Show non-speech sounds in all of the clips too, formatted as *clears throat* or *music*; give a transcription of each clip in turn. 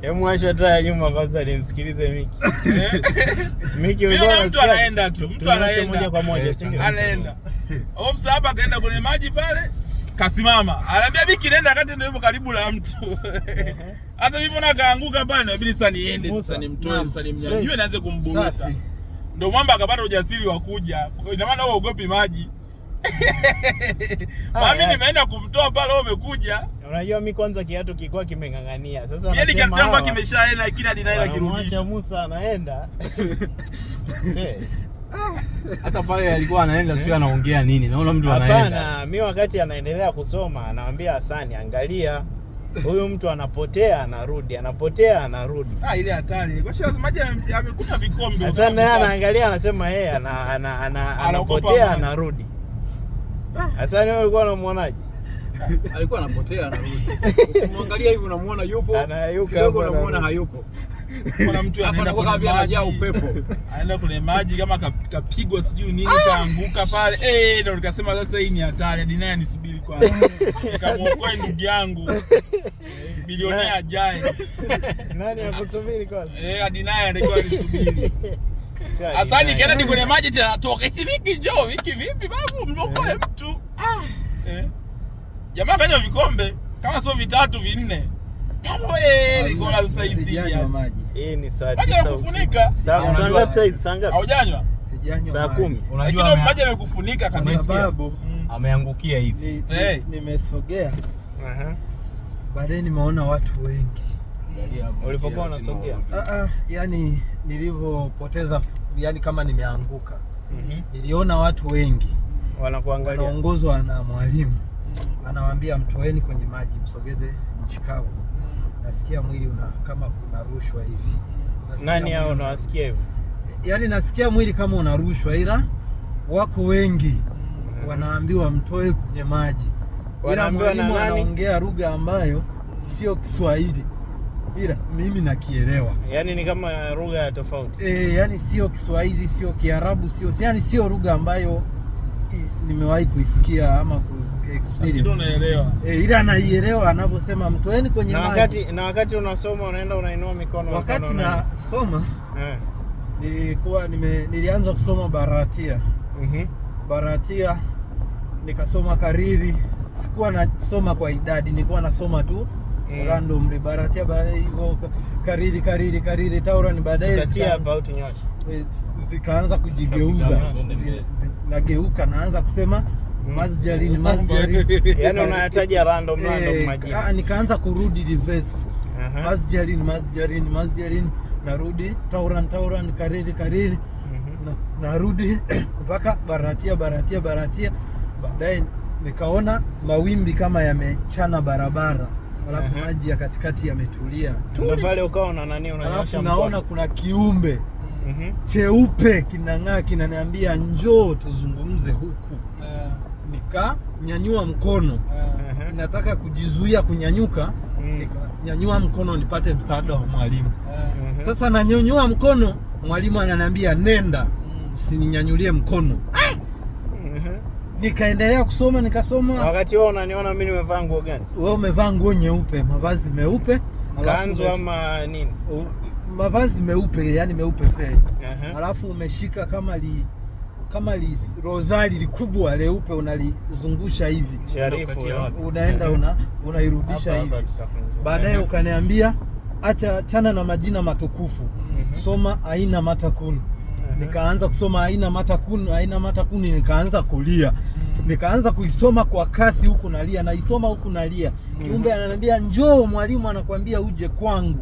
Hebu acha taa ya nyuma kwanza nimsikilize Miki. Eh? Miki mtu anaenda tu, mtu anaenda moja kwa moja, eh, si ndio? Anaenda. Ofisa hapa kaenda kwenye maji pale, kasimama. Anambia Miki nenda kati ndio yupo karibu na mtu. Hata *laughs* mimi mbona kaanguka pale, na bidii sasa niende sasa nimtoe sasa nimnyanyue nianze kumburuta. Ndio mwamba akapata ujasiri wa kuja. Ina maana wewe uogopi maji. *laughs* Mimi nimeenda kumtoa pale, wewe umekuja. Unajua mimi kwanza kiatu kilikuwa kimeng'ang'ania. Sasa yeye nikatamba kimeshaenda kila dinaira kirudisha. Musa anaenda. *laughs* Sasa pale alikuwa anaenda sio, anaongea nini? Naona mtu anaenda. Hapana, mimi wakati anaendelea kusoma anawaambia Hasani, angalia huyu mtu anapotea anarudi, anapotea anarudi. Ah, ile hatari. Kwa sababu maji yamekuta vikombe. Sasa naye anaangalia anasema yeye anapotea anarudi. Ah. Sasa leo alikuwa anamwonaje? Alikuwa anapotea na rudi. Ukimwangalia hivi unamuona yupo. Anayuka. Kidogo unamuona hayupo. Kuna mtu anaenda kwa vile anajaa upepo. Anaenda kwenye maji kama kapigwa sijui nini ah! kaanguka pale. Eh, ndio nikasema sasa hii ni hatari. Hadi naye nisubiri kwanza. Nikamuokoa ndugu yangu. Eh, bilionea ajaye. Nani akusubiri kwanza? Eh, hadi naye anatakiwa nisubiri. Sasa nikaenda ni kwenye maji tena toka si wiki njoo wiki vipi babu mwokoe eh. mtu. Ah. Eh. Jamaa kanywa vikombe kama sio vitatu vinne. Babu eh niko na size ya maji. Eh ni saa 9. Saa ngapi size? Saa ngapi? Haujanywa? Sijanywa. Saa 10. Unajua maji yamekufunika kabisa. Sababu mm. ameangukia hivi. Eh. Nimesogea. Aha. Baadaye nimeona watu wengi ulipokuwa unasogea? Ah, ah, yani nilivyopoteza, yani kama nimeanguka mm -hmm. Niliona watu wengi wanakuangalia, wanaongozwa na mwalimu anawaambia mtoeni kwenye maji, msogeze nchi kavu. Nasikia mwili una kama unarushwa hivi. Nani hao unawasikia hivi? Yaani nasikia mwili kama unarushwa, ila wako wengi mm. wanaambiwa mtoe kwenye maji, ila mwalimu anaongea lugha ambayo sio Kiswahili ila mimi nakielewa, yani ni kama lugha ya tofauti e, eh, yani sio Kiswahili, sio Kiarabu, sio yani sio lugha ambayo nimewahi kuisikia ama ku experience, unaelewa e, ila anaielewa anavyosema mtu yani kwenye na wakati, na wakati unasoma unaenda unainua mikono wakati nasoma eh. Nilikuwa nime, nilianza kusoma baratia mm -hmm. Baratia nikasoma kariri, sikuwa nasoma kwa idadi, nilikuwa nasoma tu mm. random baratia bara hivyo kariri kariri kariri tauran, baadaye eh, zikaanza kujigeuza nageuka naanza kusema masjarini *laughs* masjarini, *laughs* yani unayataja random eh, random majina, ah, nikaanza kurudi diverse masjarini masjarini masjarini, narudi tauran tauran, kariri kariri mhm. narudi *clears throat* mpaka baratia baratia baratia. Baadaye nikaona mawimbi kama yamechana barabara alafu uh -huh. maji ya katikati yametulia na pale ukawa na nani, alafu naona kuna kiumbe mm -hmm. cheupe kinang'aa kinaniambia njoo tuzungumze huku uh eh. -huh. nikanyanyua mkono uh -huh. nataka kujizuia kunyanyuka mm. nikanyanyua mkono nipate msaada wa mwalimu uh eh. -huh. sasa nanyanyua mkono mwalimu ananiambia nenda, mm. usininyanyulie mkono ah! nikaendelea kusoma nikasoma. Wakati wewe unaniona mimi nimevaa nguo gani? Wewe umevaa nguo nyeupe, mavazi meupe, kanzu ama nini? Mavazi meupe, yani meupe pe. Uh-huh. Alafu umeshika kama li kama li rosari likubwa leupe unalizungusha hivi. Sharifu, unaenda una unairudisha hivi. Baadaye ukaniambia acha, chana na majina matukufu. Mm -hmm. Soma aina matakunu nikaanza kusoma aina matakuni, aina matakuni, nikaanza kulia hmm. nikaanza kuisoma kwa kasi, huku nalia, naisoma huku nalia. Hmm. Kiumbe ananiambia njoo, mwalimu anakuambia uje kwangu,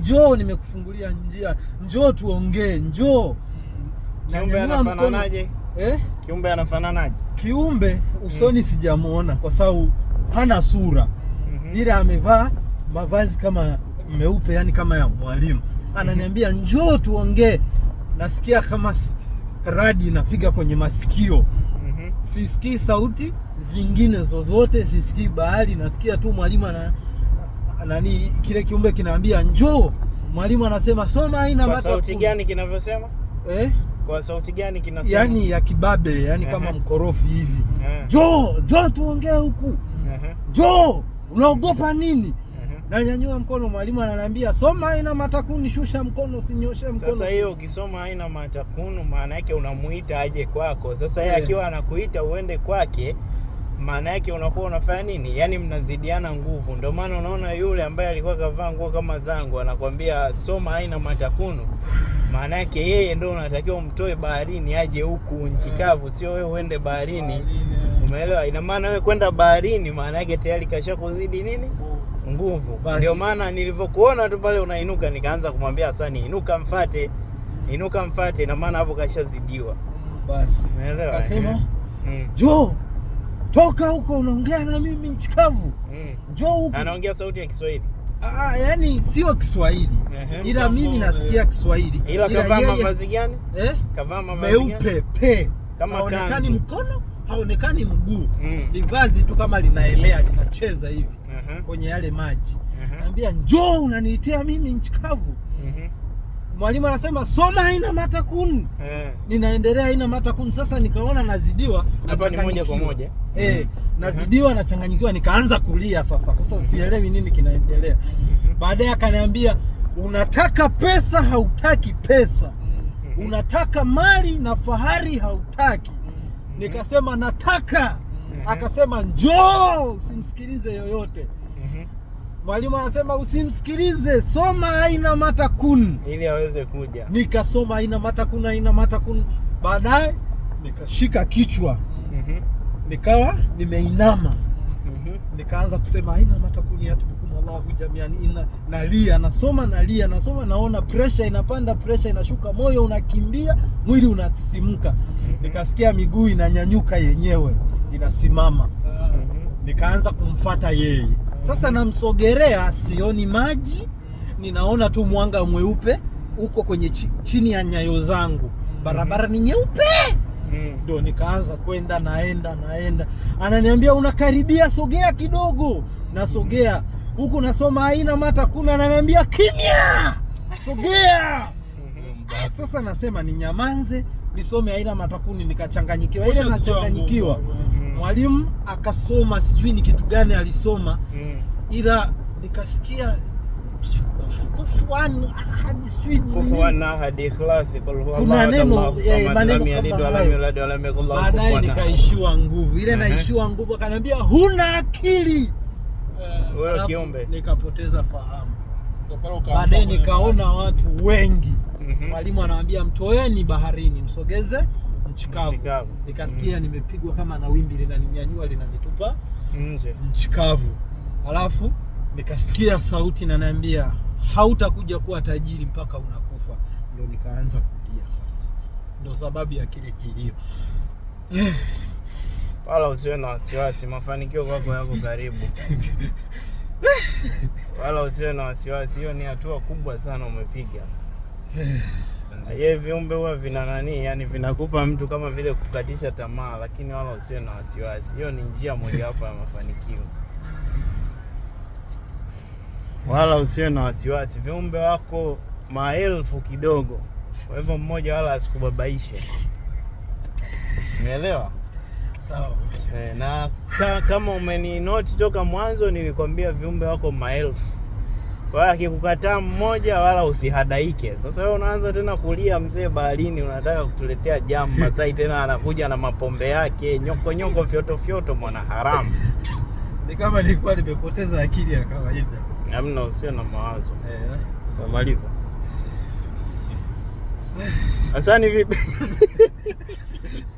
njoo, nimekufungulia njia, njoo tuongee, njoo. Hmm. Kiumbe anafananaje? Eh, kiumbe anafananaje? Kiumbe usoni sijamuona kwa sababu hana sura Ila amevaa mavazi kama meupe, yani kama ya mwalimu. Ananiambia njoo tuongee nasikia kama radi inapiga kwenye masikio mm-hmm. Sisikii sauti zingine zozote, sisikii bahari, nasikia tu mwalimu ana nani, kile kiumbe kinaambia njoo. Mwalimu anasema soma, aina mata. Sauti gani kinavyosema eh? Kwa sauti gani kinasema? Yani ya kibabe, yani uh eh, -huh. kama eh. mkorofi hivi uh eh. -huh. Njoo, njoo tuongee huku uh -huh. Njoo, unaogopa nini? nanyanyua mkono, mwalimu ananiambia soma aina matakuni, shusha mkono, usinyoshe mkono. Sasa hiyo ukisoma aina matakuni, maana yake unamuita aje kwako. Sasa yeye yeah, akiwa anakuita uende kwake, maana yake unakuwa unafanya nini? Yaani mnazidiana nguvu. Ndio maana unaona yule ambaye alikuwa kavaa nguo kama zangu anakwambia soma aina matakunu, maana yake yeye ndio unatakiwa umtoe baharini aje huku nchi kavu, sio wewe uende baharini. Umeelewa? Ina maana wewe kwenda baharini, maana yake tayari kashakuzidi kuzidi nini nguvu. Ndio maana nilivyokuona tu pale unainuka, nikaanza kumwambia Hasani, inuka mfate, inuka mfate, na maana hapo kashazidiwa. Basi unaelewa, akasema mm. jo, toka huko, unaongea na mimi nchikavu. kavu, mm. njoo huko. Anaongea sauti ya Kiswahili. Ah, ah yani sio Kiswahili ila mimi nasikia Kiswahili. Ila kavaa mavazi gani? Eh? Kavaa mavazi Meupe pe. Kama haonekani mkono, haonekani mguu. Mm. Ni vazi tu kama linaelea linacheza hivi. -hmm. kwenye yale maji mm -hmm. Naambia njoo, unaniitia mimi nchi kavu mm -hmm. Mwalimu anasema soma haina matakun yeah. Ninaendelea haina matakun. Sasa nikaona nazidiwa nachanganyikiwa eh, e, nazidiwa nachanganyikiwa, nikaanza kulia sasa, kwa sababu sielewi nini kinaendelea. Mhm. Baadaye akaniambia unataka pesa, hautaki pesa, mhm. unataka mali na fahari, hautaki. Nikasema nataka. Akasema njoo, usimsikilize yoyote. Mhm. Mwalimu anasema usimsikilize, soma aina matakun ili aweze kuja. Nikasoma aina matakun, aina matakun, baadaye nikashika kichwa mm -hmm. nikawa nimeinama mm -hmm. nikaanza kusema aina matakuni yatubukum Allahu jamiani ina, nalia nasoma, nalia nasoma, naona presha inapanda, presha inashuka, moyo unakimbia, mwili unasisimka mm -hmm. nikasikia miguu inanyanyuka yenyewe inasimama mm -hmm. nikaanza kumfata yeye sasa namsogerea, sioni maji, ninaona tu mwanga mweupe uko kwenye chini ya nyayo zangu, mhm. barabara ni nyeupe ndo mm. Nikaanza kwenda naenda naenda, ananiambia unakaribia, sogea kidogo, nasogea huku nasoma aina mata kuna, ananiambia kimya, sogea *laughs* ah, mm-hmm. sasa nasema ni nyamanze nisome aina matakuni, nikachanganyikiwa ile nachanganyikiwa mwalimu akasoma, sijui ni kitu gani alisoma mm. ila nikasikia kuna neno eh, Baadaye nikaishiwa nguvu ile, naishiwa nguvu, akaniambia huna akili nikapoteza fahamu. Baadaye nikaona watu wengi, mhm. mwalimu anawambia mtoeni baharini, msogeze nchikavu, nikasikia mm. nimepigwa kama na wimbi linaninyanyua linanitupa nje nchikavu, alafu nikasikia sauti naniambia hautakuja kuwa tajiri mpaka unakufa. Ndio nikaanza kulia sasa, ndio sababu ya kile kilio *sighs* wala usiwe na wasiwasi, mafanikio kwako yako karibu. *laughs* Wala usiwe na wasiwasi, hiyo ni hatua kubwa sana umepiga. *sighs* ye viumbe huwa vina nani, yani vinakupa mtu kama vile kukatisha tamaa, lakini wala usiwe na wasiwasi. Hiyo ni njia mojawapo ya mafanikio. Wala usiwe na wasiwasi, viumbe wako maelfu kidogo, kwa hivyo mmoja wala asikubabaishe. Umeelewa? Sawa. E, na ka, kama note toka mwanzo nilikwambia viumbe wako maelfu kwa hiyo akikukataa mmoja, wala usihadaike. Sasa wewe unaanza tena kulia, mzee baharini, unataka kutuletea jamu. Masai tena anakuja na mapombe yake nyoko nyoko, fyoto fyoto, mwana haramu. *laughs* Ni kama nilikuwa nimepoteza akili ya kawaida. Hamna, usio na mawazo eh. Namaliza Hasani vipi? *laughs*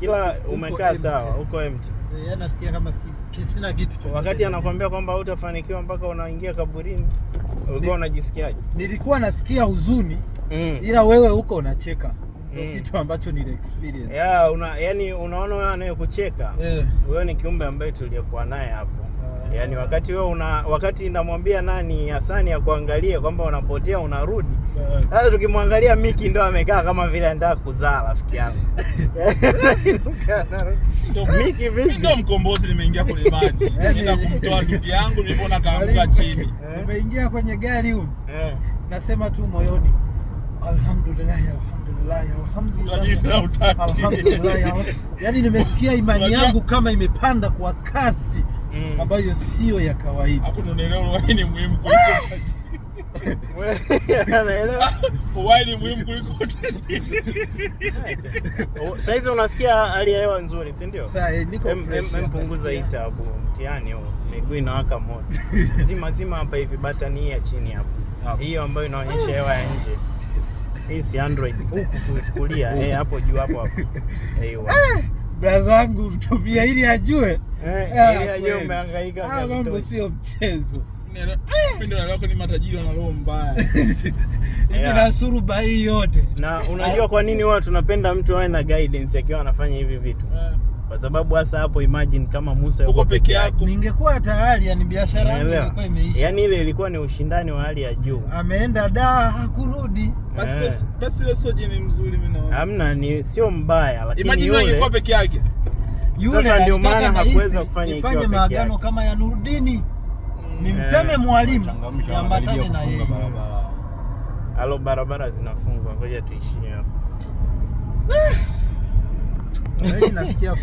kila umekaa sawa, huko empty. Eh, yeye anasikia kama sina kitu chochote. Wakati anakuambia kwamba hutafanikiwa mpaka unaingia kaburini, ulikuwa unajisikiaje? Nilikuwa nasikia huzuni mm. ila wewe huko unacheka mm. kitu ambacho nili experience yeah, una, yani unaona wewe anayekucheka yeah. wewe ni kiumbe ambaye tuliokuwa naye hapo Yaani wakati wewe una wakati namwambia nani Hasani akuangalie kwamba unapotea unarudi. Sasa yeah. tukimwangalia Miki ndo amekaa kama vile anataka kuzaa rafiki yangu. *laughs* Miki vipi? Ndio mkombozi nimeingia kwenye eh, maji. Nenda kumtoa eh, ndugu yangu nilipoona kaanguka chini. Eh. Nimeingia kwenye gari huko. Nasema tu moyoni. Alhamdulillah, alhamdulillah, alhamdulillah. Alhamdulillah. Yaani nimesikia imani yangu kama imepanda kwa kasi mm. ambayo sio ya kawaida. Hapo ndio naelewa ni muhimu kuliko anaelewa *laughs* muhimu kuliko *laughs* oh, unasikia hali ya hewa nzuri, si ndio? Sasa eh, niko fresh, mpunguza hii tabu, mtihani huo, miguu mm. inawaka moto *laughs* zima zima hapa hivi, batani hii ya chini hapo, hiyo ambayo inaonyesha hewa ya nje hii si Android huku kulia, eh hapo juu hapo hapo. Ah, Bradha wangu mtumia ili ajue Eh, ah, eh, eh, mambo ah, sio mchezo. *laughs* hivi, yote. Na unajua kwa nini watu tunapenda mtu awe na guidance akiwa anafanya hivi vitu Kwa sababu hasa hapo, imagine kama Musa yuko peke ningekuwa tayari, yani biashara yangu ilikuwa imeisha. Yani ile ilikuwa ni ushindani wa hali ya juu, ameenda da hakurudi. Basi basi, sio jini mzuri, mimi naona hamna, ni sio mbaya, lakini yule ingekuwa peke yake yule ndio maana hakuweza kufanya hiyo. Nifanye maagano kama ya Nurudini yeah, mm. eh, mwalimu niambatane na yeye. Alo, barabara zinafungwa, ngoja tuishie hapo. *laughs*